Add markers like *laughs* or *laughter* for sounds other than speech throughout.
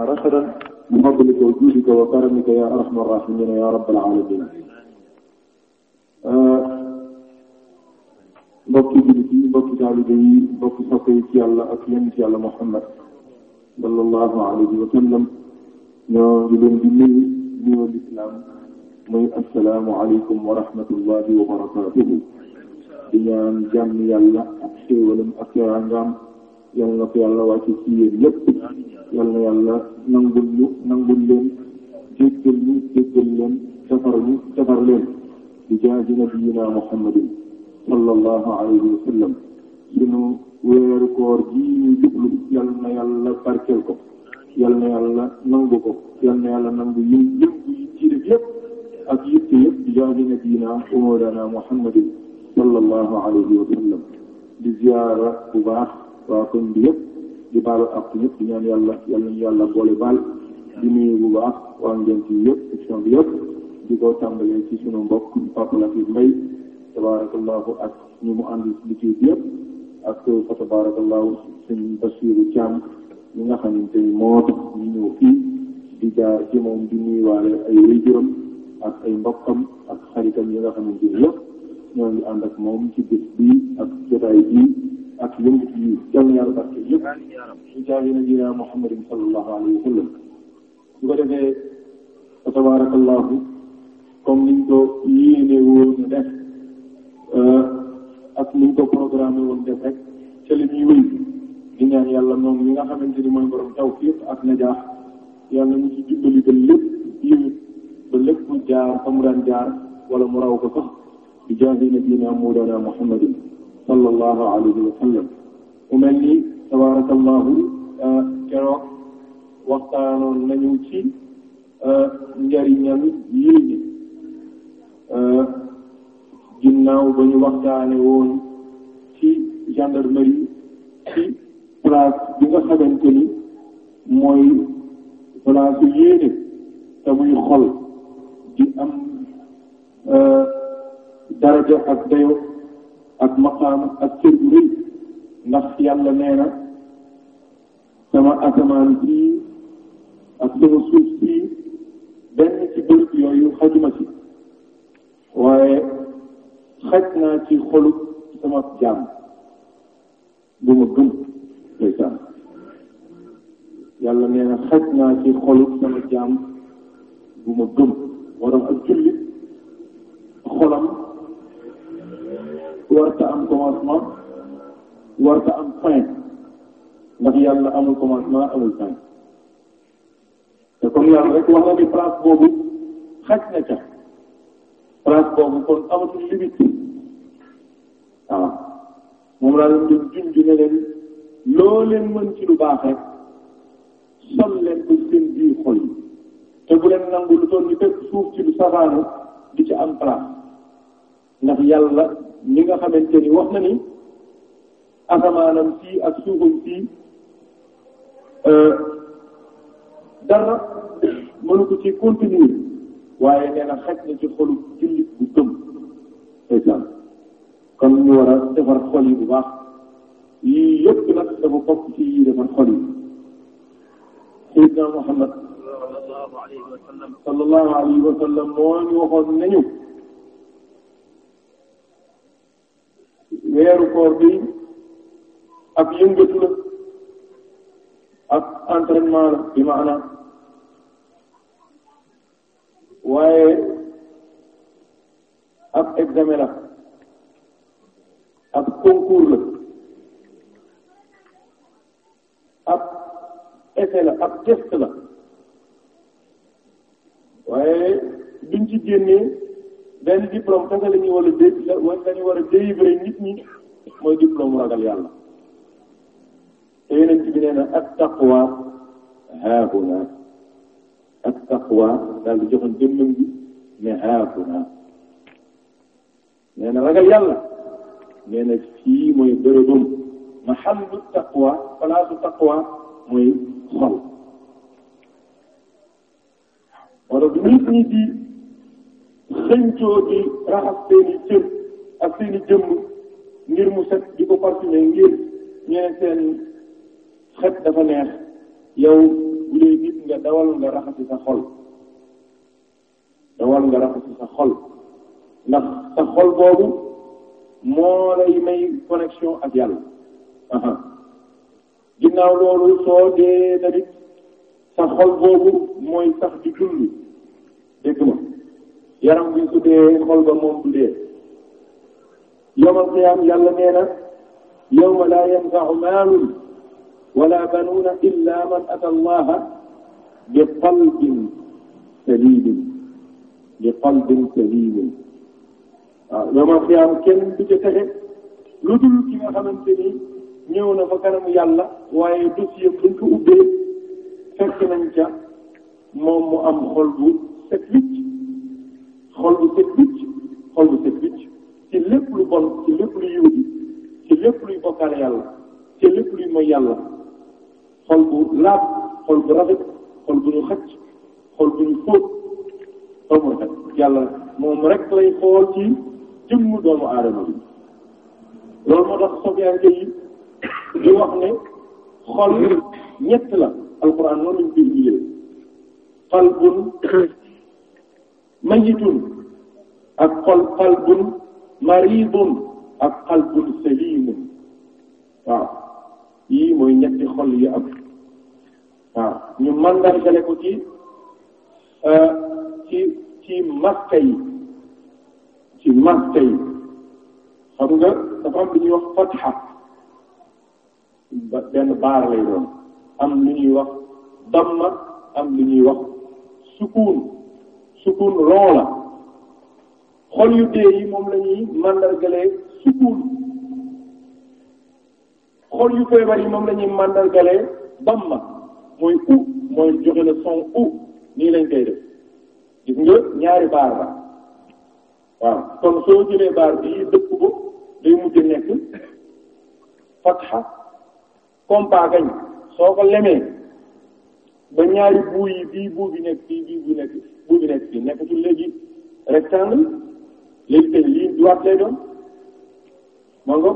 لنا رشدا بفضلك وجودك وكرمك يا ارحم الراحمين يا رب العالمين mbokki jullit yi mbokki taalibe yi mbokki soppe yi ci yàlla ak yéen ci yàlla Muhammad sallallahu alayhi wa sallam ñoo ngi leen di nuyu nuyoo lislaam muy assalaamu aleykum wa rahmatullahi wa barakatuhu di ñaan jàmm yàlla ak xéewalam ak yarangaam yal na ko yàlla wàcce ci yéen yépp yàlla yàlla nangul ñu nangul leen jéggal ñu jéggal leen safar ñu safar leen di jaaji nabiyina muhammadin sallallahu alayhi wa sallam sunu weeru koor ji ñu jublu yàlla na yàlla barkeel ko yàlla na yàlla nangu ko yàlla na yàlla nangu yi yëpp yi ci def yëpp ak yitte yëpp di jaaji nabiyina umorana muhammadin sallallahu alayhi wa sallam di ziyaara bu baax waa koñ bi yëpp di baalu ak yëpp di ñaan yàlla yàlla ñu yàlla boole baal di nuyu bu ci yëpp di ko tàmbalee ci sunu mbokk Papa Latif Mbaye tabarakallahu ak ñu mu ànd liggéey bi yëpp ak fa tabarakallahu sëñ Basiru Caam ñi nga xamante ni moo tax ñu ñëw fii di jaar ci moom di nuyuwaale ay waajuram ak ay mbokkam ak xaritam yi nga xamante ni yëpp ñoo ngi ànd ak moom ci bés bi ak jotaay bi ak yëngu yi yal na yàlla barke yëpp na jina Muhammadin sallallahu alayhi wa su ko defee fa comme niñ ko yéene woon def ak niñ ko programmé woon def rek ca li di ñaan yàlla moom mi nga xamante ni mooy borom tawfiq ak najaax yàlla ñu ci jubbali ba lépp yëwit ba lépp jaar fa jaar wala mu raw ko sax di jaay na jina Mawlana Muhammadin sallallahu alayhi wa sallam mel ni tabarakallahu euh, keroog waxtaanoon nañu ci euh, njariñam yéene euh, ginnaaw ba ñu waxtaane woon ci gendarmerie ci place bi nga xamante ni mooy place yéene te muy xol di am daraja ak dayo ak maqaam ak cër bu rëy ndax yàlla nee na sama asamaan bii ak sama suuf sii benn ci bërëb yooyu xajuma ci waaye xaj naa ci xolu sama jaam bu ma gëm yàlla nee xaj naa ci xolu sama jaam bu ma gëm waram ak jullit xolam warta am commencement warta am fin ndax yàlla amul commencement amul fin te comme yàlla rek wax na ni boobu xaj na ca place boobu kon amatul limite waaw moom laa leen doon ne leen loo mën ci lu baax rek sol leen ko seen biir xol te bu leen nangu lu doon ni teg suuf ci lu safaanu di ci am place ndax yàlla li nga xamante ni wax na ni asamaanam fii ak suufam fii euh, dara mënu ko ci continuer waaye nee na xaj na ci xolu jullit bu gëm exemple kon ñu war a defar xol yi bu baax yii yëpp nag dafa bokk ci yii defar xol yi Seydina Muhammad sallallahu alayhi wa sallam moo ñu waxoon nañu weeru koor bi ak yëngatu ak entraînement la bi maanaam waaye ak examen la ak concours la ak essai la ak test la waaye biñ ci génnee benn diplôme kese la ñuy war a dé war a délivrer nit ñi mooy diplôme ragal yàlla te yeneen ci bi nee na ak taqwa haahuna ak taqwa daal di joxoon jëmmam bi ragal yàlla nee na fii mooy bërëbam mahallu taqwa palaasu taqwa mooy xol wala du nit ñi di xëncoo di raxas seeni cër ak seeni jëmm ngir mu set di ko parfumé ngir ñeneen seen xet dafa neex yow bu dee nga dawal nga raxasi sa xol dawal nga raxasi sa xol ndax sa xol boobu moo lay may connexion ak yàlla ginnaaw loolu soo dee tamit sa xol boobu mooy sax di dund yaram bi su dee xol ba moom du dee yawmal qiyaam yàlla nee na yawma laa yanfa'u maalun wala banuuna illaa man ata allaha bi qalbin saliim bi qalbin saliim waaw yawmal qiyaam kenn du ca texe lu dul ki nga xamante ni ñëw na fa kanamu yàlla waaye dossier buñ ko ubbee fekk nañ ca moom mu am xol bu set xol bu set wicc xol bu set wicc ci lépp lu bon ci lépp lu yiw ci lépp luy bokkaale yàlla ci lépp luy mooy yàlla xol bu laab xol bu rafet xol bu ñu xacc xol bu ñu fóot yàlla moom rekk lay xool ci jëmm doomu aadama bi loolu moo tax sofiyanke yi di wax ne xol ñett la alquran noonu lañ koy jiyee qalbun mayitun ak xol qalbun maridun ak qalbun salimun waaw yii mooy ñetti xol yi am waaw ñu mandargale ko ci euh, ci ci maska yi ci maska yi xam nga dafa am lu ñuy wax fatha benn baar lay doon am lu ñuy wax damma am lu ñuy wax sukuun sukun ron la xol yu dee yi moom la ñuy màndargalee sukun xol yu feebar yi moom la ñuy màndargalee damma mooy u mooy joxe la son u nii lañ koy def gis nga ñaari baar la waaw kon soo jëlee baar bii dëkk ko day mujj nekk fatxa compa soo ko lemee ba ñaari buu yi bii buu nekk bii bii bu nekk bu bi nekk fii nekkatul léegi rectangle léegi tey lii droite lay doon ma nga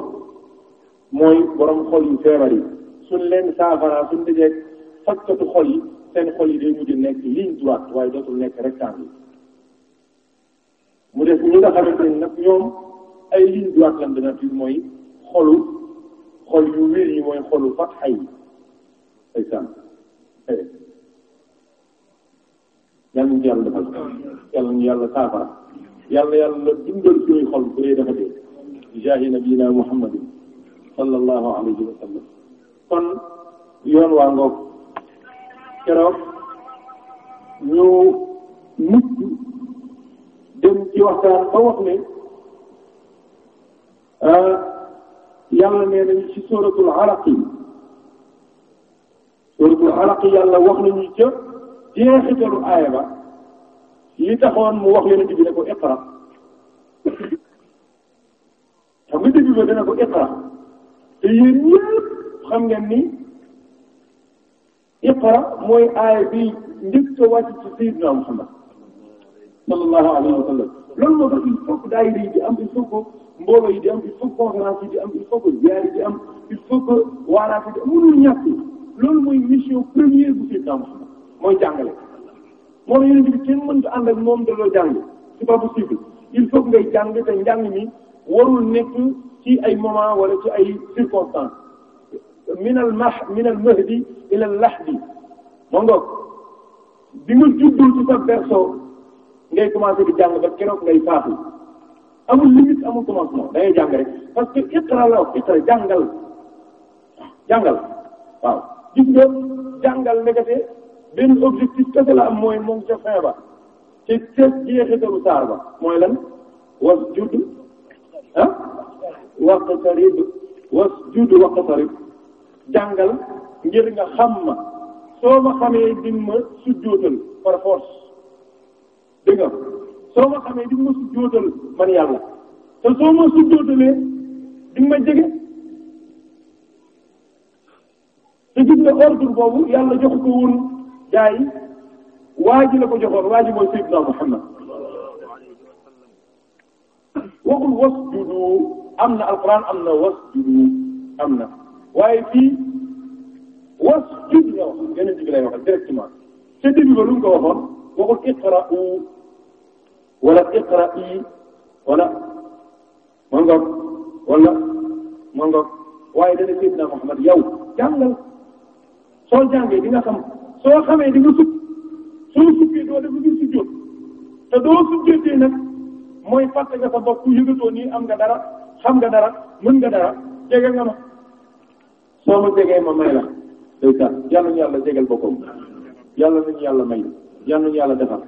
mooy borom xol yu feebar yi suñ leen saafara suñ dajee fakkatu xol yi seen xol yi day mujj nekk ligne droite waaye dootul nekk rectangle mu def ñi nga xamante ne ñoom ay ligne droite lan mooy xolu xol yu wér yi mooy xolu fatxa yi ay yàlla nañu yàlla defal yàlla nañu yàlla saafara yàlla yàlla dundal suñuy xol bu dee dafa dee jaahi nabiyina muhammadin sallallahu alayhi wa sallam kon yoon waa ngoog keroog ñu mujj dem ci waxtaan ba wax ne ah, yàlla nee nañu ci suratul araq yi suratul araq yàlla wax nañu ca jeexitalu aaya ba li taxoon mu wax yonent bi ne ko iqra xam nga début ba dana ko iqra te yéen ñëpp xam ngeen ni iqra mooy aaya bi njëkk a wàcc ci sayyidina Muhammad sallallahu alayhi wa loolu moo tax il faut di am il mbooloo yi di am il faut yi di am il faut yi di am il faut que waaraat yi ñàkk loolu mooy mission première bu sayyidina Muhammad mooy jàngale moom yonent bi kenn moom daloo jàng c'est pas possible il faut ngay jàng te njàng mi warul nekk ci ay moment wala ci ay circonstance min al mah min al mahdi ila al lahdi moo ngoog bi nga juddul ci sa berceau ngay commencé di jàng ba keroog ngay faatu amul limite amul commencement da ngay jàng rek parce que jàngal jàngal waaw gis jàngal ndekete benn objectif kese la am mooy moom ca fin ba ci ca jeexitalu saar ba mooy lan was judd ah waqtarib was judd waqtarib jàngal ngir nga xam ma soo ma xamee di ma sujjóotal par force dégg soo ma xamee di sujjóotal man yàlla te soo ma sujjóotalee di ma te gis nga ordre boobu yàlla jox ko woon jaay waa ji la ko joxoon waa ji mooy Seydina Muhammad waxul wasjudu am na alquran am na wasjudu am na waaye fii wasjud la wax yeneen ji bi lay waxal directement ca début ba lu mu ko waxoon waxul iqra'u wala iqra'i wala ma ngoog wala ma ngoog waaye dana Seydina Muhammad yow jàngal soo jàngee di nga xam soo xamee di nga sukk soo sukkee doo def lu dul sujjóot te doo sujjóotee nag mooy fàtte nga sa bopp ku yëgatoo nii am nga dara xam nga dara mën nga dara jege nga ma soo ma jegee ma may la dayta yàlla ñu yàlla jegal boppam yàlla nañu yàlla may yàlla nañu yàlla defar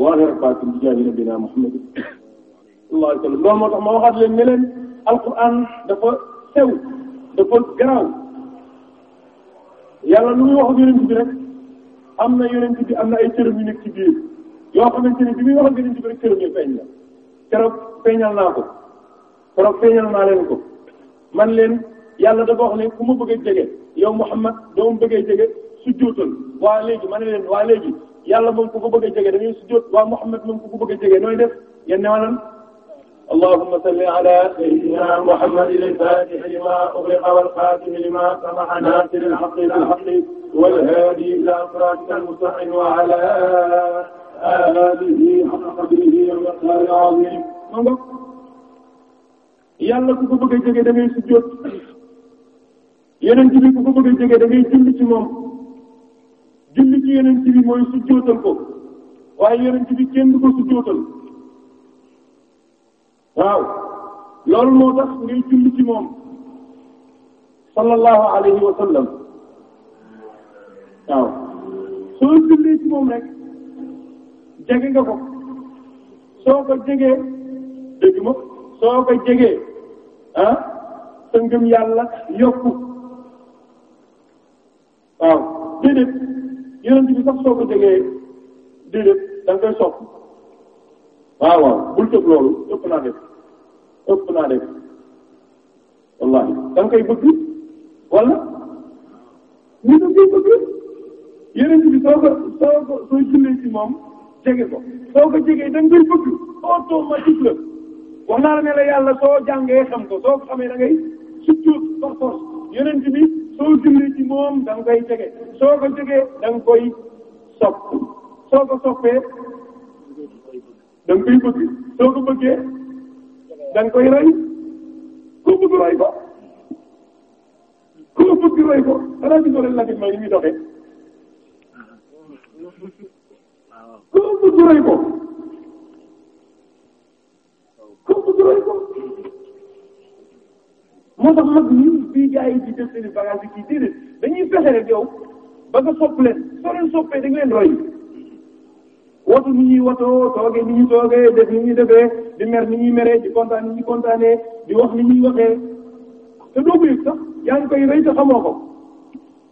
waaxeer baatin bi jaabi nabina Muhammad sallallahu alayhi wa sallam loolu moo tax ma waxaat leen ne leen alquran dafa sew dafa garaaw yàlla lu muy wax ak yonent bi rek am na yonent bi am na ay cërëm yu nekk ci biir yoo xamante ni bi muy wax ak yonent bi rek cërëm yi feeñ la keroog feeñal naa ko keroog feeñal naa leen ko man leen yàlla dafa wax ne ku ma bëgg a jege yow Muhammad doo ma bëgg a jege sujjóotal waa léegi ma ne leen waa léegi yàlla moom ku ko bëgg a jege da ngay sujjóot waa Muhammad moom ku ko bëgg a jege nooy def ngeen ne ma lan allahumma salli ala sayyidina Muhammadin al-fatihi lima ughliqa wal khatimi lima sabaqa nasiril haqqi bil haqqi والهادي إلى صراطك المستقيم وعلى آله حق قدره ومقداره العظيم yàlla ku ko bëgg a jege da ngay sujjóot yonent bi ku ko bëgg a jege da ci moom julli ci yonent bi mooy sujjóotal ko waaye yonent bi kenn du ko sujjóotal waaw loolu moo tax ngay julli ci moom sallallahu alayhi wa waaw soo jullee ci moom rek jege nga ko soo ko jegee dégg ma soo ko jegee ah sa ngëm yàlla yokku waaw déedéet yonent bi sax soo ko jegee déedéet da sopp waaw waaw bul tëb loolu ëpp naa def ëpp naa def wallahi da bëgg wala ñu da bëgg yeneen bi soo ko soo ko soo jullee ci moom jege ko soo ko jegee da ngay bëgg automatique la wax naa la ne yàlla soo jàngee xam ko soo ko xamee da ngay bi soo da soo ko jegee da sopp soo ko soppee da nga koy bëgg soo ko bëggee da koy roy ku bëgg roy ko ku bëgg roy ko xanaa gisoo leen laaj bi mooy ni muy doxee. ku bëgg rey ko ku bëgg rey ko moo tax mag ñi bii gars yi di def seen bagage yi kii déedéet dañuy fexe rek yow ba nga sopp leen watu ni ñuy watoo toogee ni ñuy toogee def ni ñuy defee di mer ni ñuy meree di kontaan ni ñuy kontaanee di wax ni ñuy waxee te doo ko yëg sax yaa ngi koy rey te xamoo ko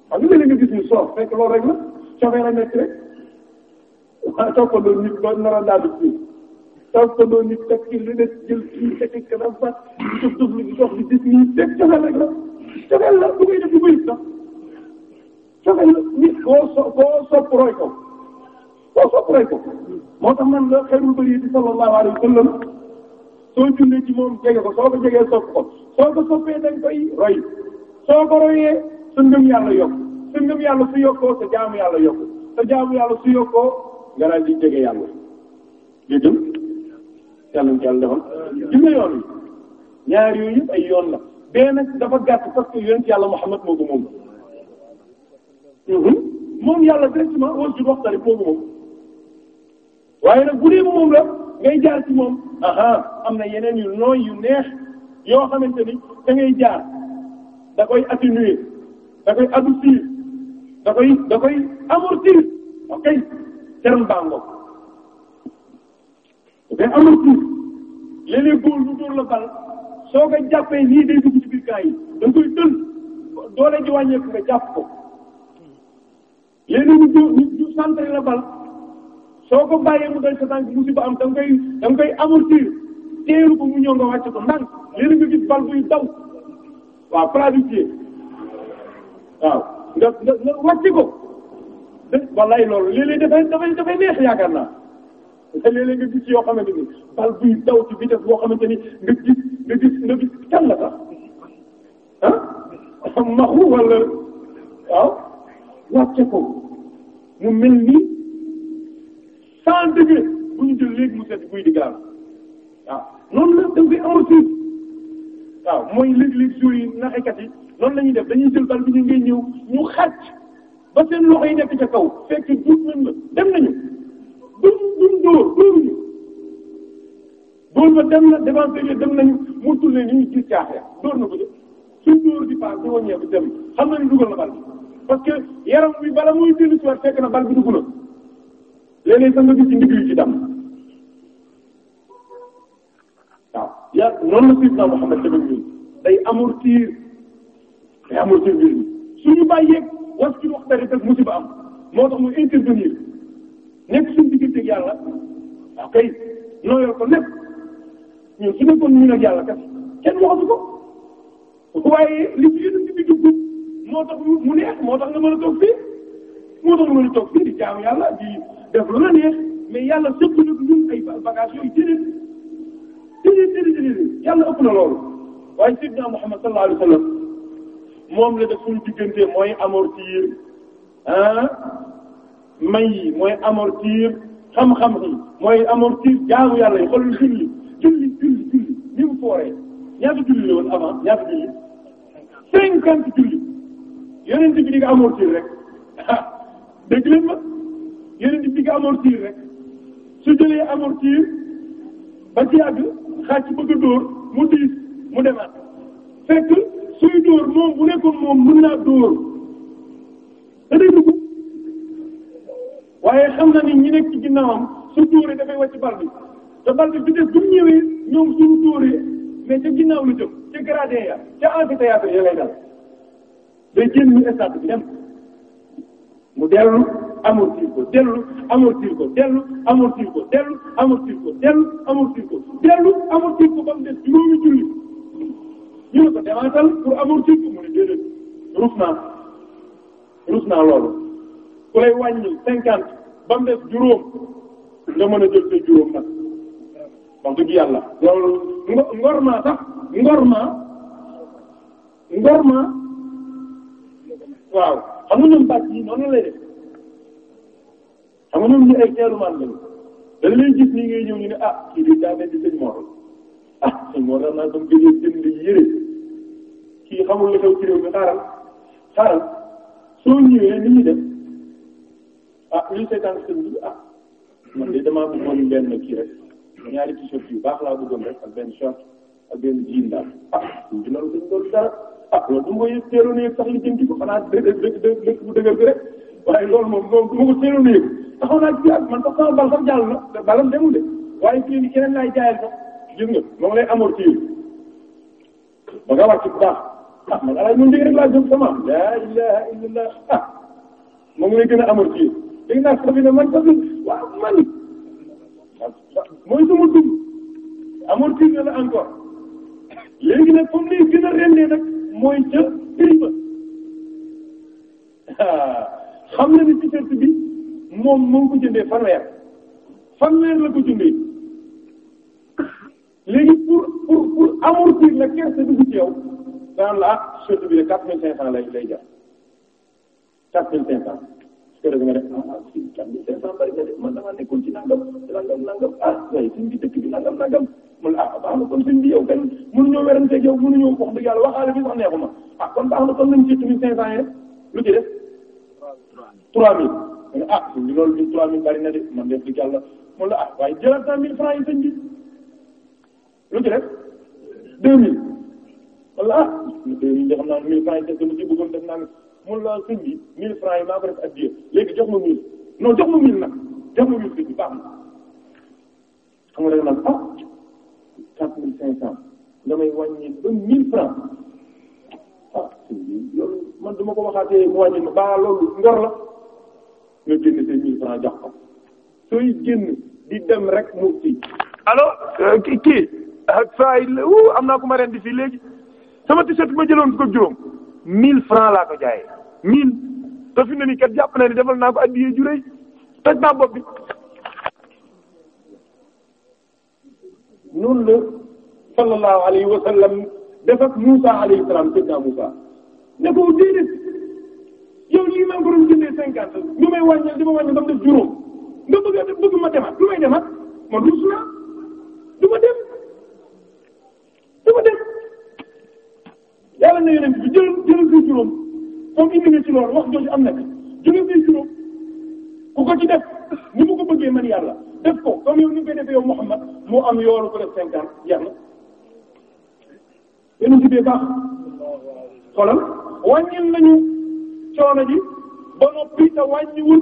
xam nga léeg-léeg nga gis ñu soof fekk waa toppandoo nit ba nar a daal di toppandoo nit teg ci lunette jël kii teg ci kanam di gis lii dégg coxal rek la coxal la bu koy def lu bëri nit koo so roy ko koo sopp roy ko moo tax man la xayrul bëri di sallallahu alayhi wa sallam soo jullee ci moom jege ko soo ko jegee sopp ko soo ko soppee dañ koy roy soo ko royee sa ngëm yàlla yokk sa ngëm su yokkoo sa jaamu yàlla yokk sa jaamu yàlla su yokkoo. nga daal di jege yàlla dégg nga yàlla na ci yàlla defal gis nga yoon yi ñaar yooyu yëpp ay yoon la benn dafa gàtt parce que yàlla Muhammad moo ko moom mhm. moom yàlla directement wala ci moom waaye nag bu moom la ngay jaar ci moom aha am na yeneen yu nooy yu neex yoo xamante ni da ngay jaar da koy atténuer da koy adoucir da koy da koy amortir ok. dem bàngo mais amul tuut góor ñu dóor la bal soo ko jàppee nii day dugg ci biir gaa yi da doole ji wàññeeku nga jàpp ko léeg-léeg ñu dóor ñu centré la bal soo ko bàyyee mu dal sa tànk musiba am da nga koy da ko mu ñëw nga wàcc ko ndànk léeg-léeg nga bal buy daw waaw planifié waaw nga nga nga wàcc ko. wallaay loolu léeg-léeg dafay dafay dafay neex yaakaar naa te nga gis yoo xamante ni bal buy daw ci vitesse boo xamante ni nga gis nga gis nga gis kan la sax ah maxu wala waaw wàcce ko mu mel ni cent degré bu ñu jël léegi mu set buy di gaal waaw noonu la daf koy amortir waaw mooy léeg-léeg jours yi naxekat yi def dañuy jël bal bi ñu ngay ñëw ñu xàcc. ba seen loxo yi nekk ca kaw fekk duut nañ la dem nañu duñ duñ dóor dóoruñu dóor ba dem na défenseur yi dem nañu mu tourné ni ñu gis caaxaan dóor na ko suñ dóor di paas di wàññeeku dem xam na dugal na bal parce que yaram bi bala muy dellu si waat fekk na bal dugg na léeg-léeg gis ci ndigg yu ci dam waaw yaa noonu la Seydina Muhammad tamit ñun day amortir day amortir mbir mi suñu bàyyeeg wax ci wax dëgg rek musiba am moo tax mu intervenir nekk suñu diggante ak yàlla waaw kay nooyal ko lépp ñun su nekkoon ñu ne yàlla kat kenn waxatu ko waaye li ci yéen a ngi dugg moo tax mu neex moo tax nga mën a toog fii moo tax nga mën a toog fii di jaamu yàlla di def lu la neex mais yàlla sëpp nag ñun ay bagage yooyu déedéet déedéet déedéet yàlla ëpp na loolu waaye Seydina Muhammad sallallahu alayhi wa sallam moom la def suñu diggante mooy amortir ah may yi mooy amortir xam-xam yi mooy amortir jaamu yàlla yi xoolal julli julli julli julli ni mu fooree ñaata julli la woon avant ñaata julli cinquante julli yonent bi di nga amortir rek ah dégg leen ma yonent bi nga amortir rek su jëlee amortir ba ci yàgg xaaj ci bëgg a dóor mu diis mu demaat fekk. suy dóor moom bu nekkoon moom mën naa dóor da day dugg waaye xam na ni ñi nekk ci ginnaawam su dóoree dafay wàcc bal bi te bal bi vitesse bu mu ñëwee ñoom suñu dóoree mais ca ginnaaw lu jëm ca gradin ya ca amphithéâtre ya lay dal day génn ñu stade bi dem mu dellu amortir ko dellu amortir ko dellu amortir ko dellu amortir ko dellu amortir ko dellu ba mu des juróomi julli ñu ne ko demantal ko mu ne déedéet rus naa rus naa loolu ku lay wàññi cinquante ba mu des juróom nga mën a jël sa juróom nag wax yàlla loolu ngor maa ngor maa ngor maa waaw xam nga ñoom bàcc yi noonu lay def xam nga ñoom ñu ay teelu man ah, ah, a kii xamul li xew ci réew mi xaaral xaaral soo ñëwee ni ñu def ah luy seetaan sëñ bi ah man de damaa bëggoon benn kii rek ñaari t-shirt yu baax laa bëggoon rek ak benn short ak benn jean daal ah suñu loolu dañ doon dara ah loolu du ma yëg teeloon yëg sax li jëm ci ko xanaa dëgg dëgg dëgg bu dëgër bi rek waaye loolu moom moom du ma ko teeloon yëg taxaw naa ci ak man sax sama bal sax jàll na balam demul de waaye kii ni keneen laay jaayal sax gis nga moom lay amortir ba nga wàcc bu baax ah man alaay ñun léegi rek laa jëm sama laa ilaha illallah ah moom lay gën a amal ci léegi naa sabi ne man sabi waaw man mooy sama dund amal ci la encore léegi nag comme lay gën a rendee nag mooy ca prix ba ah, xam na ni t-shirt bi moom mu ngi ko jëndee fan fanweer la ko jëndee léegi pour pour pour amortir la kersa dugg ci yow daan la ah surtout bi de quatre mille cinq cent lay lay jar quatre mille cinq cent su ko defee nga def ah, ah si quatre mille cinq cent bari na de man damaa nekkoon ci nangam nangam nangam ah waaye suñ bi dëkk bi nangam nangam mu ne ah baax na kon suñ bi yow kenn mënuñoo weranteeg yow mënuñoo wax dëgg yàlla waxaale bi sax neexuma ah kon baax na kon nañ ci mille cinq cent yi lu ci def trois mille nga ah suñ bi loolu bi trois mille a na de man def dëgg yàlla mu ne ah waaye jëlaat walla ñu jox naa mille francs yi dama ci bëggoon def naa mun laa sëñ bi mille francs yi maa ko def addiya ah, ah, man duma ko waxaatee mu wàññi ma baa loolu ngor la nga génn seen mille francs jox ko sooy génn di dem rek mu ci allo euh, kii ak saa am naa ko ma ren di fii léegi sama t-shirt bi ma jëloon ko juróom mille francs laa ko jaayee mille te fi ne nii kat jàpp na ni defal naa ko addiyee juréy toj naa bopp bi noonu la sallallahu alayhi wa sallam def ak Moussa alayhi salaam Moussa ne ko déedéet yow lii maa ngi ko doon jëndee cinquante ñu may wàññi di ma wàññi ba mu def ma demaat lu may du ma dem du ma dem yàlla na yeneen bi jël jëlal fii juróom comme indi nga ci loolu wax jooju am na fi jëlal fii juróom ku ko ci def ni mu ko bëggee man yàlla def ko comme yow ni nga koy defee yow Muhammad mu am yoolu ko def cinquante jeex na yeneen baax xoolal wàññil nañu coono ji ba noppi te wàññiwul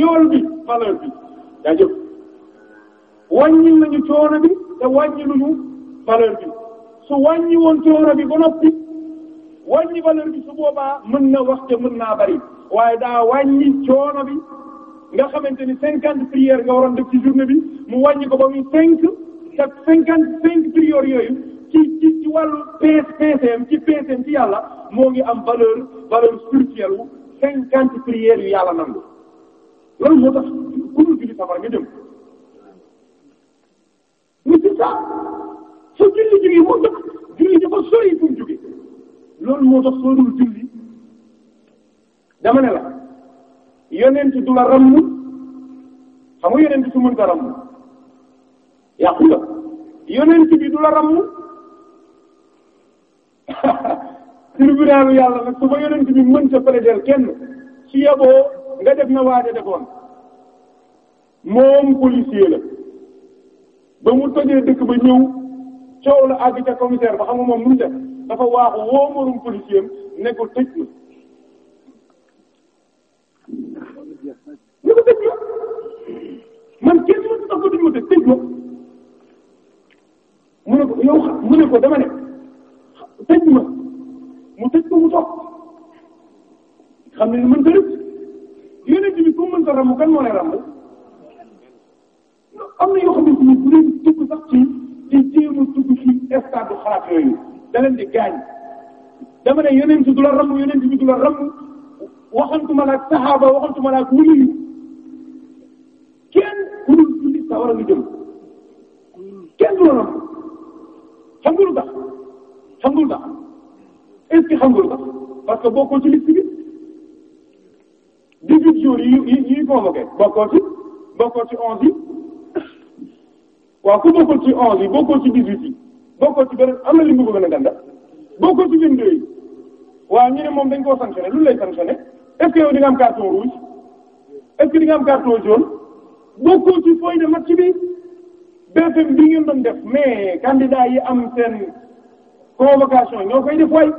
yool bi valeur bi daa wàññil nañu coono bi te wàññiluñu valeur bi su wàññi woon coono bi ba noppi wàññi valeur bi su boobaa mën na wax te mën naa bari waaye daa wàññi coono bi nga xamante ni cinquante prières nga waroon def ci journée bi mu wàññi ko ba muy cinq te cinquante cinq prières yooyu ci ci ci wàllu p PCM ci PCM ci yàlla moo ngi am valeur valeur spirituelle wu cinquante prières yu yàlla nangu loolu moo tax ku dul julli safara nga jëm c'est ça soo julli jógee moo dëkk julli julli dama la yonent du la ramm xam nga yonent su mën ko ramm yàqu nga yonent bi du la ramm *laughs* tribunalu yàlla nag su fa yonent bi mën sa plaidel kenn su yeboo nga def na waaja defoon moom policier la ba mu tojee dëkk ba ñëw coow la àgg commissaire ba xam nga moom mënu ca dafa waaxu woo morom policier am ne ko tëj ma ne ko tëj ma mu ne yow mu ne ko dama tëj ma mu tëj ko mu toog xam ne ni mën ta rëcc yeneen bi ku mën ta rambu kan moo lay rambu am na yoo xam ne bu dee dugg sax ci ci jéem a dugg ci stade xalaat yooyu da di gaañ dama ne yonent du la ramm yonent bi du la ramm waxantuma la ak saxaaba waxantuma la ak wuli kenn ku dul jullit sa nga jëm kenn du la ramm xam nga lu tax xam nga lu tax bokkoo ci liste bi dix-huit jours yi yi yi convoqué bokkoo ci bokkoo ci onze waaw ku bokkul ci onze yi bokkul ci dix-huit yi bokkul ci beneen am na lim bu gën a gànda bokkul ci lim ne moom dañ koo sanctionné lu lay sanctionné est-ce que yow di nga am carton rouge est-ce que di nga am carton jaune bokkul ci feuille de match bi BFM bi ngeen doon def mais candidat yi am seen convocation ñoo koy def waay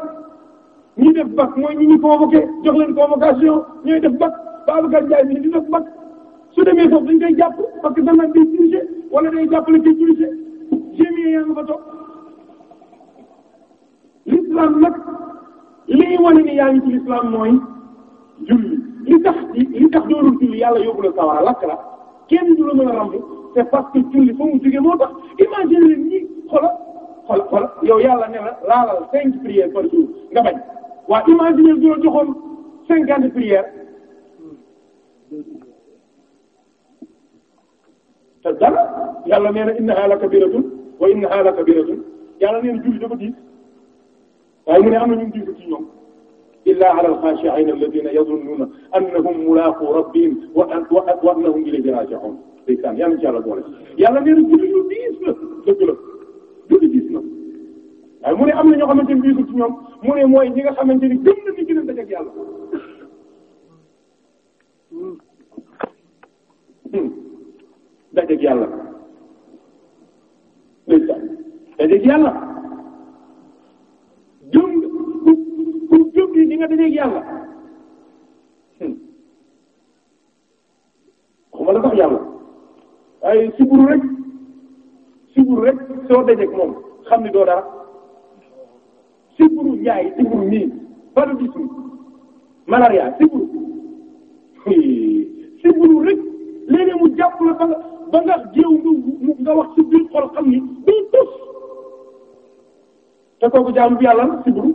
ñi def bac mooy ñi ñu convoqué jox leen convocation de def bac Babacar Ndiaye mi di def bac su demee foofu dañ koy jàpp parce que danañ di wala day jàppale ci jullit jéemee yaa nga fa toog nag li wane ni yaa ngi mooy julli li tax li tax doonul julli yàlla yóbbu la sawara lakk la kenn du la mën a ramb c'est parce que fa mu jógee moo tax imagine leen ñi xola xola xola yow yàlla ne la laalal cinq prières par jour nga bañ waa imagine du la joxoon cinquante prières te dara yàlla nee na innaha la kabiratun wa innaha la kabiratun yàlla nee na julli dafa diis waaye mu ne am na ñu diisul ci ñoom illa ala alxaashiina alladina yadunnuuna annahum mulaaqu rabbihim wa wa annahum ilayhi raaji'uun ndeysaan yàlla ci yàlla boole yàlla nee na julli lu diis la dëgg la julli diis na waaye mu ne am na ñoo xamante ni diisul ci ñoom mu ne mooy ñi nga xamante ni gëm na ni gën a dajeg yàlla dajeeg yàlla dégg nga dajeeg ku ku jëm nga dajeeg yàlla hmm. xuma la tax ay siburu rek siburu rek soo dajeeg moom xam ni doo dara siburu ñaay siburu nii malaria siburu *laughs* siburu rek léeg mu jàpp la ba nga géew nga nga wax ci biir xol xam ni doo tus te kooku jaamu bi yàlla la sibru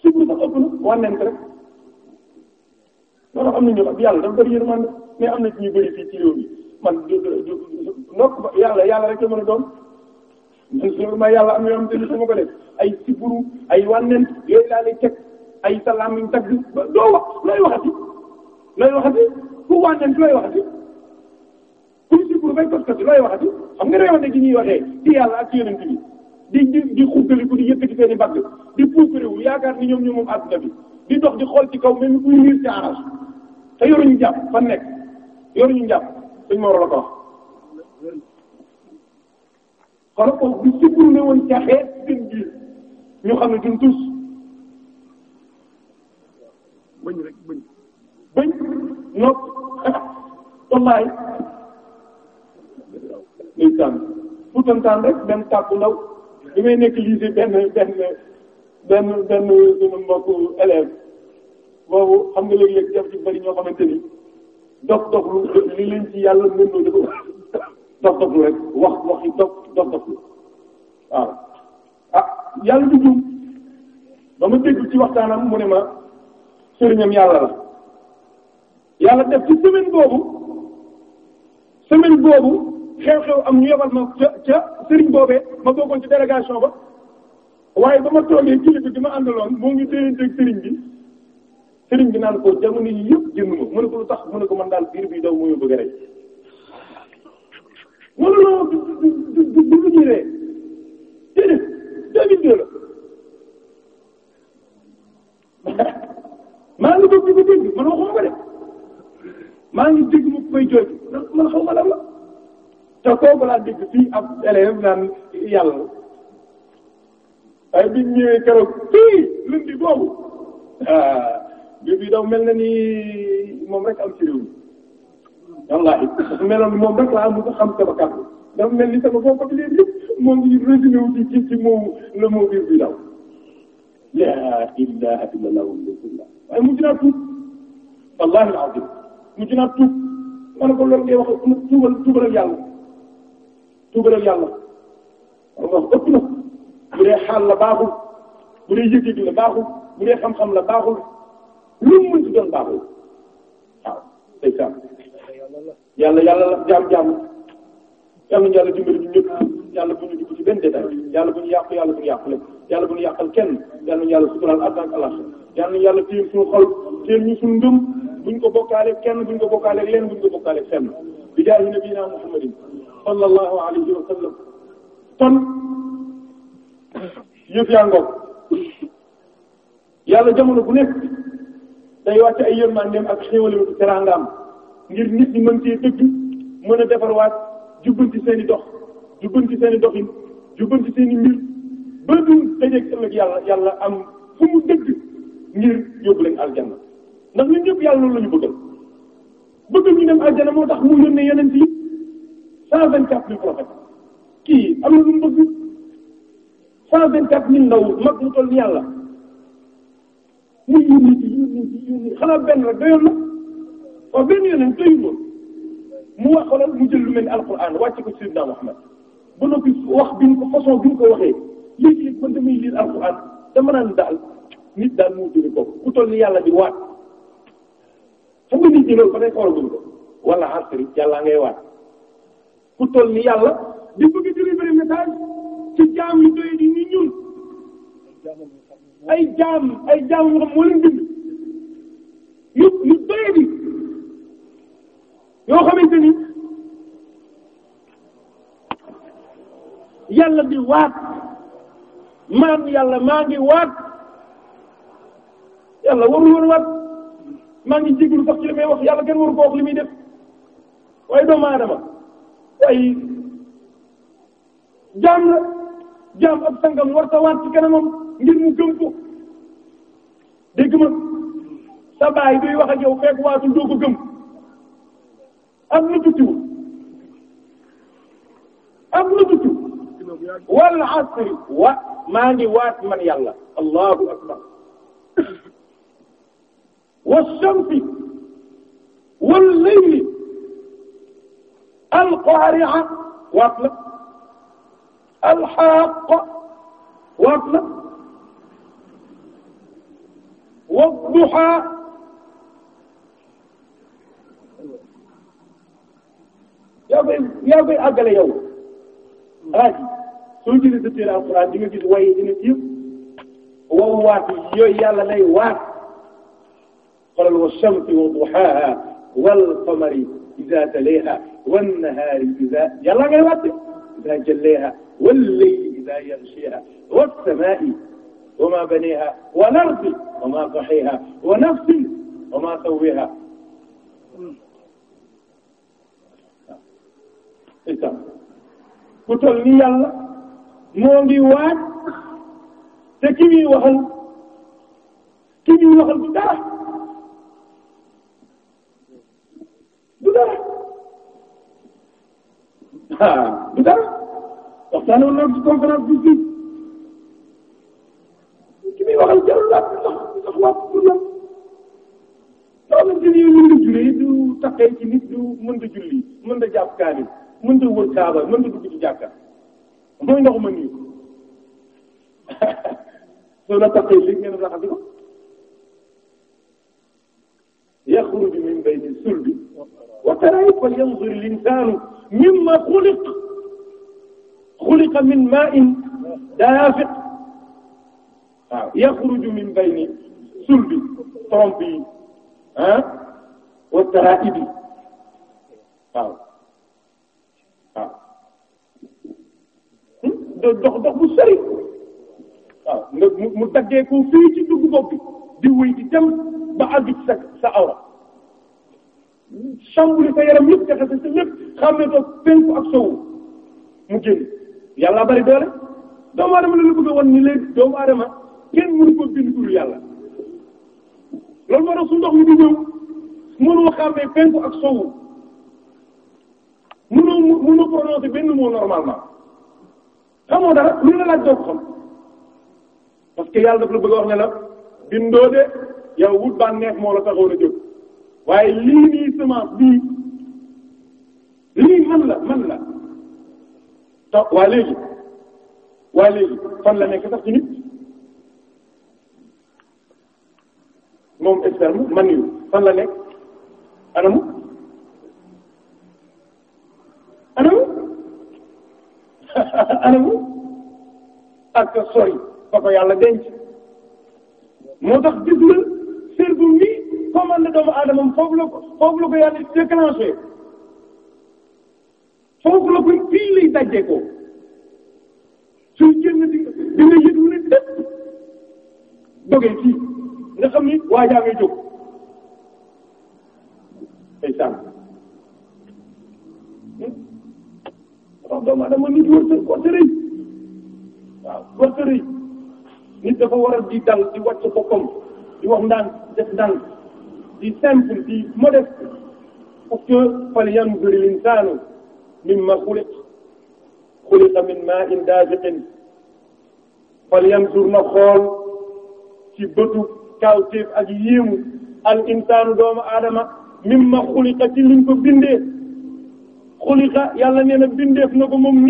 sibru sax ëpp na wànnent rek loolu am na ñu yàlla dafa bëri yërmande mais am na ñu bëri fii ci mi man ndokk ba yàlla yàlla rek la mën a doon ma yàlla am na yoo xam sama ko def ay sibru ay wànnent yooyu laa lay teg ay salaam yu tagg doo wax looy waxati looy waxati pour waa dem looy waxati pour sukkuru bay toskati looy waxati xam nga réewante gi ñuy waxee ci yàlla ak ci yonent bi di di di di yëkkati seen i mbagg di puukarewu yaakaar ni ñoom ñoom moom bi di dox di xool ci kaw même kuy riir ci arrage te yoruñu jàpp fan nekk yoruñu jàpp suñ moro la ko wax xolo ko du ne woon caxee seen biir ñu xam ne duñ tus bëñ nopp wallaay ndeysaan futantaan rek benn kàpp ndaw li may nekk lycée benn benn benn benn sunu mbokku élève boobu xam nga léeg-léeg def ci bëri ñoo xamante ni dox dox lu li leen ci yàlla mënoo dafa dox dox lu rek wax wax yi dox dox lu waaw ah yàlla du jum ba ma dégg ci waxtaanam mu ne ma sëriñam yàlla la yàlla def ci semaine boobu semaine boobu xew-xew am ñu yebal ma ca ca sëriñ boobee ma bokkoon ci délégation ba waaye ba ma toogee kilifa bi ma àndaloon moo ngi déyanteeg sëriñ bi sëriñ bi naan ko jamono yi yëpp jënd ma mu lu ko man ko dégg man waxuma ko de. maa ngi dégg ñu koy jooy ma la te kooku laa dégg fii ab élève naan yàlla la waaye biñ ñëwee keroog fii lundi ah, mel na ni moom rek am ci réew mi wallaahi meloon moom rek laa amul xam sama kàddu dafa mel ni sama bopp ak léegi yëpp moom ngi résumé wu ci ci moomu la moo biir bi daw laa ilaaha illallaah waaye mujj tuut wallaahi al-aziim ñu ci naan tuub ma ne ko loolu ngay wax tuubal tuubal ak yàlla tuubal ak yàlla wax ëpp na bu dee xaal la baaxul bu dee yëg-yëg la baaxul bu dee xam-xam la baaxul lu mu mën ci doon baaxul waaw day saan yàlla yàlla la jaam jaam yàlla yàlla dimbali ñu ñëpp yàlla bu ñu dugg ci benn détail yàlla bu ñu yàqu yàlla bu ñu yàqu lépp yàlla bu ñu yàqal kenn yàlla ñu yàlla suturaal àdduna ak àllaxira yàlla ñu yàlla téye suñu xol téye ñu suñu ngëm buñ ko bokkaale kenn buñ ko bokkaale leen buñ ko bokkaale fenn bi jaahi nabina muhammadin sallallahu alayhi wa sallam kon yëf yaa yàlla jamono bu nekk day wàcce ay yërmandeem ak xéwalam ak teraangaam ngir nit ñi mën cee dëgg mën a defarwaat jubbanti seen i dox jubbanti seen i doxin jubbanti seen mbir ba duñ dajeeg ëllëg yàlla yàlla am fu mu dëgg ngir yóbbu leen aljanna ndax ñun ñëpp yàlla loolu la ñu bëggal ñu dem àjjana moo tax mu yónnee yeneen fii cent vingt quatre mille prophètes kii am na mu bëgg cent vingt quatre mille ndaw mag mu toll ni yàlla muy yónni ci yónni benn rek doyoon na waaw benn yeneen doyul woon mu wax xoolal mu jël lu mel ni alquran wàcce ko Seydina Muhammad ba noppi wax bi ñu ko façon bi ñu ko waxee léegi-léeg man damay liir alquran dama naan daal nit daal moo jëlee ko ku toll ni yàlla di waat. xam nga nit ñi loolu ba ko wala asri yàlla ngay waat ku toll ni yàlla di bëgg délivrer message ci jaam yu doy di ni ñun ay jaam ay jaam yoo xam moo leen bind yu yu doy di yoo xamante ni yàlla di waat maam yàlla maa ngi waat yàlla warul woon waat maa ngi jéggalu sax ci li wax yàlla kenn waru ko wax li muy def waaye doomu aadama ay jaam la jaam ab sangam war sa waat ci kanamam ngir mu gëm ko dégg ma sa duy wax ak yow fekk waatul doo ko gëm am na tuttiwu am na wal asri wa maa ngi waat man yàlla allahu akbar والشمس والليل القارعة واصلة الحاقة واصلة والضحى yow kay yow kay àggale yow laaj soo jëlee sa téere alxuraan di nga gis waaye dina ci yëpp wow waat yooyu yàlla lay waat xoolal wa shamsi wa duhaaha wal qamari idaa talayha wan nahaari idaa yàlla ngay wàtte idaa jallayha wal layli idaa yaghshiha was samaa'i wa maa banayha wal ardi wa maa dahayha wa nafsin wa maa sawwayha itam ku toll ni yàlla moo ngi waaj te ki ñuy waxal ki ñuy waxal bu dara ah du dara waxtaanee woon naa ci conférence bi fii ki muy waxal jarul laaj sax sax waa pour la loo xamante ni mën nga julli du taqee ci nit du mën a julli mën a jàpp kaani mën a wër kaaba mën a dugg ci jàkka mooy ndox ma nii *laughs* soo la taqee li ngeen raxas ko wa tara falyanzur al-insaanu mimmaa xuliq xuliqa min maa'in daafiq waaw yaxruju min bayni sulbi trompe yi ah wa taraa'ibi waaw waaw hmm? dox dox bu sori waaw nga mu daggee ko fii ci dugg bopp bi di wéy di dem ba àgg ci sa sa awra chamboulé sa yaram yëpp jaxase sa lépp xam ne toog penku ak sowu mu génn yàlla bari doole doomu aadama la la bëgg a wan ni léegi doomu aadama kenn mënu ko bind dul yàlla loolu moo tax mi di ñëw mënoo xàmmee penku ak sowu mënoo mënoo prononcer benn mot normalement xamoo dara lu la laaj doo ko xam parce bëgg a wax ne la bindoo de yow wut bànneex moo la taxawoon a jóg waaye lii nii semence bii lii man la man la to waa léegi waa la nekk sax ci nit moom externe man yu fan la nekk anamu anamu *laughs* anamu ak sori fa ko yàlla denc moo tax gis doomu aadama foofu la ko foofu fii lay dajee ko suy génn di dina yëg dogee fii nga xam ni waa jaa jóg ay nit dafa war a di dal di wàcc boppam di wax ndànk def di simple di modeste parce que fal yanzur l'insaanu mimma xuliq xuliqa min ma'in daziqin fal na xool ci bëtu kawteef ak yéemu al mimma xuliqa ci ko bindee xuliqa yàlla nee na bindeef ko moom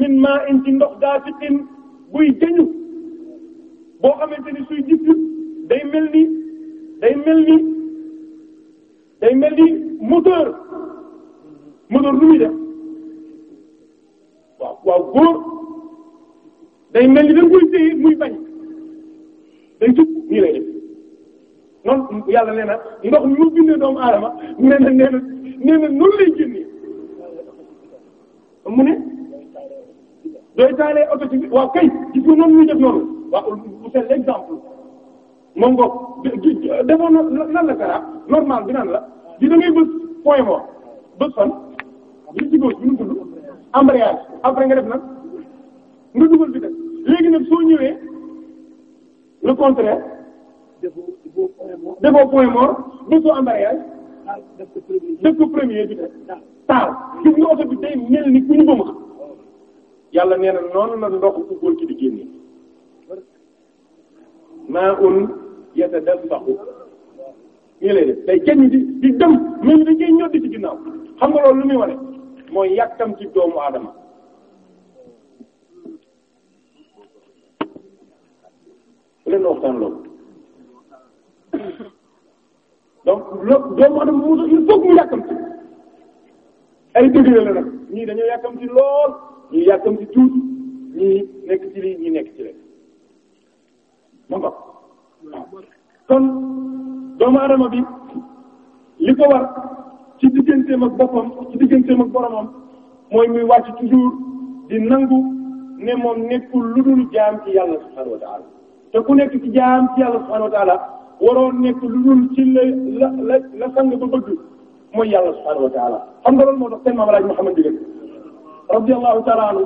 min ma'in ci ndox daziqin buy jëñu boo xamante ni suy dikk day mel ni day mel ni day mel ni moteur moteur lu muy def waaw waaw góor day mel ni da nga muy bañ day tub nii lay def noonu yàlla nee ndox mi mu bindee doomu aadama nee na nee na lay génnee mu ne doy taalee oto ci waaw kay gis noonu muy def noonu waaw c'est l'exemple ma ngoog defoon nan la garab normal bi nan la di da ngay bës point mort bës fan li ci góor bi nu tudd embrayage après nga def nag nga dugal bi def léegi nag soo ñëwee le contraire defoo point mort bësoo embrayage ah, def ko premier bi def ah. taal gis nga oto bi day mel ni ku ñu ba ma yàlla nee na noonu la ndox ku góor ki di génne maa un yatadabbahu nii lay def day kenn di di dem mel ni dañ koy ci ginnaaw xam nga loolu lu muy wane mooy yàkkam ci doomu aadama leen waxtaan loolu donc loolu doomu aadama mu il faut mu yàkkam ci ay degré la nag ñii dañoo yàkkam ci lool ñii yàkkam ci tuuti ñii nekk ci lii ñii nekk ci leen ma kon doomu aadama bi li ko war ci digganteem ak boppam ci digganteem ak boromam mooy muy wàcc toujours di nangu ne moom nekkul lu dul jaam ci yàlla subhanahu wa taala te ku nekk ci jaam ci yàlla subhanahu wa taala waroon nekk lu dul ci la la la la sang ba bëgg mooy yàlla subhanahu wa taala xam nga loolu moo tax seen maam laaj Muhammad bi radiyallahu taala anhu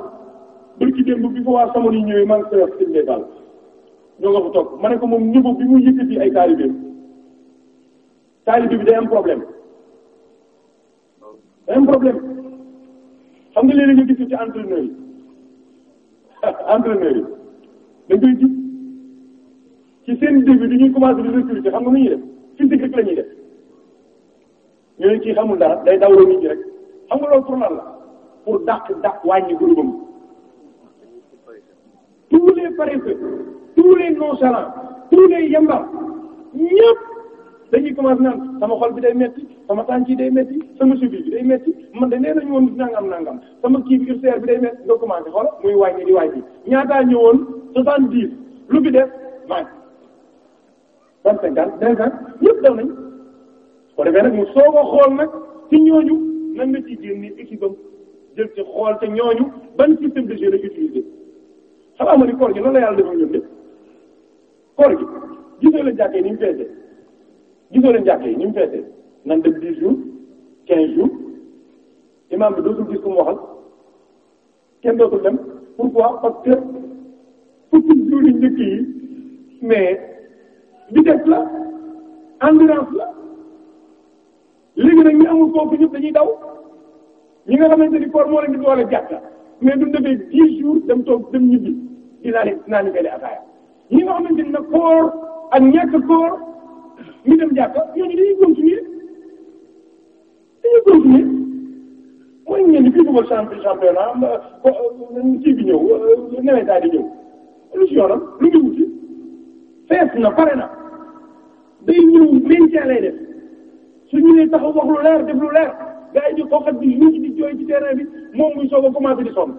bërki démb bi ko waa sama ni ñëwee maa ngi koy wax ñoo nga ko topp ma ne ko moom niveau bi muy yëkkati ay taalibe taalibe bi day am problème day problème xam nga léeg-léeg nga gis ci entraîneur yi *laughs* entraîneur yi dañ ci seen début du ñuy commencé di recruter xam nga nu ñuy def physique rek la ñuy day dawloo nit ñi rek xam nga loolu pour lan la pour dàq dàq wàññi groupam tous les paresseux tous les nonchalants tous les yambar ñëpp dañuy commencer naan sama xol bi day metti sama tànk yi day metti sama subi bi day metti man de nee nañu woon nangam nangam sama kii bi ulcère bi day metti nga commencer xool muy wàññi di wàññi ñaataa ñëwoon soixante dix lu bi def vingt vingt cinquante deux vingt ñëpp daw nañ ko defee nag mu soog a xool nag ci ñooñu nan nga ciy génne équipe am jël ci xool te ñooñu ban système gi noonu la yàlla defal ñun de. koor gi gisoo leen jàkkee ni mu feesee gisoo leen jàkkee ni mu feesee nan dem dix jours quinze jours imaam bi dootul gis ku mu waxal kenn dootul dem pourquoi parce que fukki jours yi njëkk yi mais vitesse la endurance la léegi nag ñu amul foofu ñëpp dañuy daw ñi nga xamante ni koor moo leen di jàkka mais duñ defee dix jours dem toog dem ñibbi dinaa leen dinaa leen gën ataaya ñi nga xamante ne nag koor ak ñàkk koor ñu dem jàkka ñooñu dañuy continuer dañuy continuer mooy ñu ne fii dugal champion championnat kii bi ñëw nawet daal di ñëw lu ci yoonam lu ñu wuti fees na pare na day ñëw méncee lay def su ñu nee wax lu leer def lu leer gars yi di xooxat ñu di jooy ci terrain bi moom muy soog a commencé di sonn.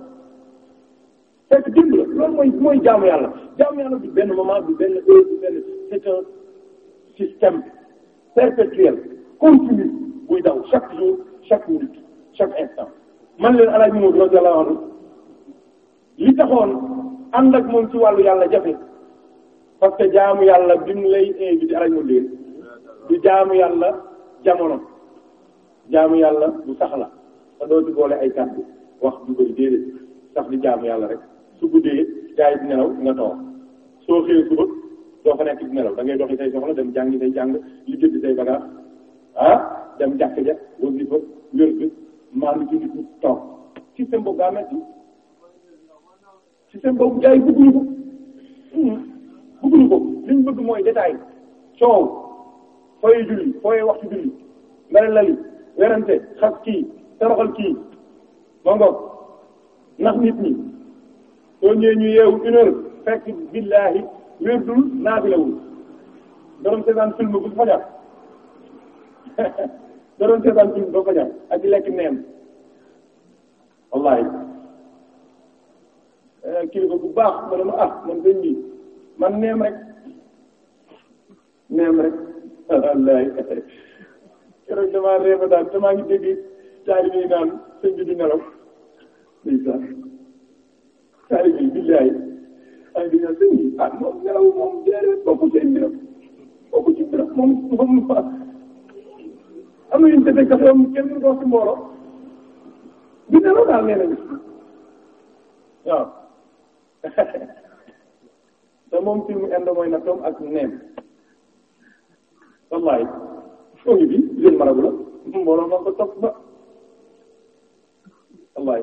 fekk jënd la loolu mooy mooy jaamu yàlla jaamu yàlla du benn moment du benn heure du benn c'est système perpétuel continu buy daw chaque jour chaque minute chaque instant man leen alaaj mu mud radiyallahu li taxoon ànd ak moom ci wàllu yàlla jafe parce que jaamu yàlla bi mu lay invité alaaj mu leen du jaamu yàlla jamono jaamu yàlla du saxla te doo ci boole ay kàddu wax du bëri déedéet sax di jaamu yàlla rek su guddee gaa yi di nelaw nga toog soo xëyee suba doo fa nekk di nelaw da ngay doxi say soxla dem jàngi say jàng lijjanti say bagage ah dem jàkk ja wasifa wér bi ci nit toog metti système boobu gaa yi bëgguñu ko hmm, bëgguñu ko liñ bëgg mooy détail coow fooyee julli fooyee waxtu julli nga ne lali werante xas kii toroxal kii bongo ndax nit ñi soo ñëwee ñu yeewu une heure fekk billaahi wérdul naafilawul doon seetaan film bu fajar *laughs* doon seetaan film ba fajar ak lekk neen wallahi eh, kilifa bu baax ma ne ah man sëñ bi man neem rek neem rek *laughs* wallahi *laughs* keroog damaa reeba daal damaa ngi dégg taalibe yi naan sëñ bi du taali bi billaay ay bi nga sëñ bi ah, moom nelaw moom déedéet bokku ci mbiram bokku ci mbiram moom moom am na yu ñu defee kafe am kenn doo ci mbooloo du nelaw daal nee nañu waaw *laughs* te moom fi mu mooy na toom ak neem wallaay soo ngi bi jël marabu la mbooloo ma ko topp ba wallaay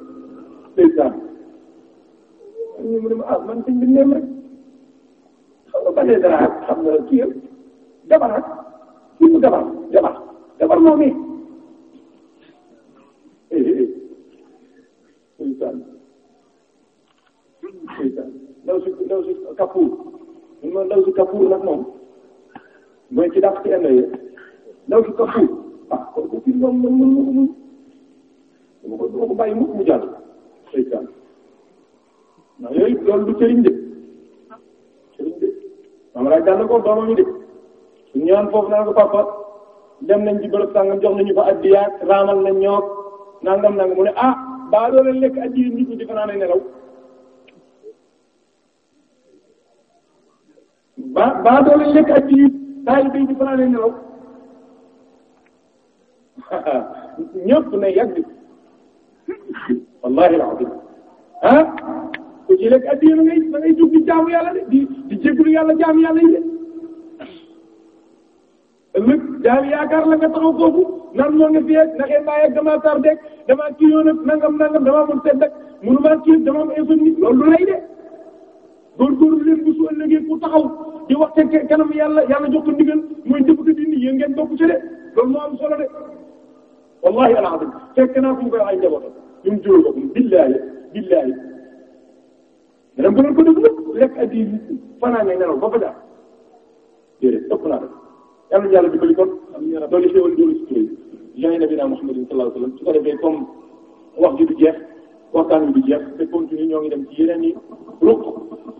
seytaan ñu mu ne ma ah man sëñ bi neem rek xam nga bale dara xam nga kii yëpp dabar ak kii mu dabar dabar dabar moom it seytaan seytaan ndaw si ndaw si kapuur ñu ma ndaw si kapuur nag moom mooy ci dàq ci endo yi ndaw si kapuur ah kon ko kii moom moom moom moom ko duma ko bàyyi mukk mu jàll seytaan ndax yooyu loolu du cëriñ de cëriñ de maam laaj daan na ko doomam yi de suñ ñëwaan foofu naan ko papa dem nañ ci bërëb sàngam jox nañu fa addiyaat raamal nañ ñoog nangam nangam mu ne ah baa doo lekk addiya yi defe naa ne nelaw *laughs* ñëpp ne yàgg wallahi alazim ah ku ci jaamu yàlla de di di yàlla jaamu yàlla yi de ëllëg daal yaakaar la nga taxaw foofu nan moo nga fiyeeg naxee mbaa yeeg damaa tardé damaa kii yoon nangam nangam damaa mun sedd ak munumaa kii dama am insomnie loolu du lay de góorgóorlu leen bu ëllëgee ku taxaw di wax te kanam yàlla yàlla jox ko ndigal mooy njëkk a dindi yéen de loolu moo solo de wallahi alazim fekk naa fu mu koy ay ñoom jóor ko billaahi billaahi danañ ko doon ko déglu lekk at nelaw ba fa daal déedéet ëpp naa def yàlla na kon doon xéewal doon sutura yi jaay nabina Muhammadin sallallahu alayhi ko defee comme wax ji du jeex waxtaan wi du jeex te continue ñoo ngi dem ci yeneen yi ruq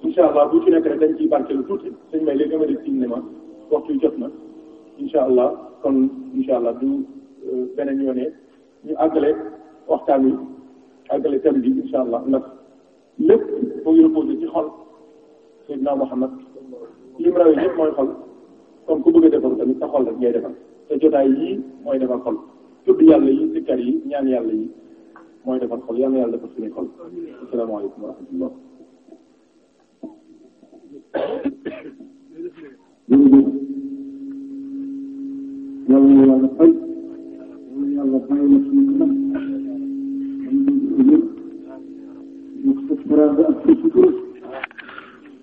incha bu ci rek dañ ciy barkeelu tuuti dañ may léegi dama ci cinéma waxtu jot na incha allah kon incha allah du euh, beneen yoonee ñu àggale waxtaan wi àggale thème bi incha allah ndax lépp fooy reposé ci xol Seydina Muhammad li mu rawee lépp mooy xol comme ku bëgg defar tamit sa xol rek ngay defar te jotaay yii mooy defar xol tudd yàlla yi sikkar yi ñaan yàlla yi mooy defar xol yàlla yàlla defar suñu xol asalaamaaleykum wa rahmatullah yàlla yàlla fay yàlla bàyyi ñu ak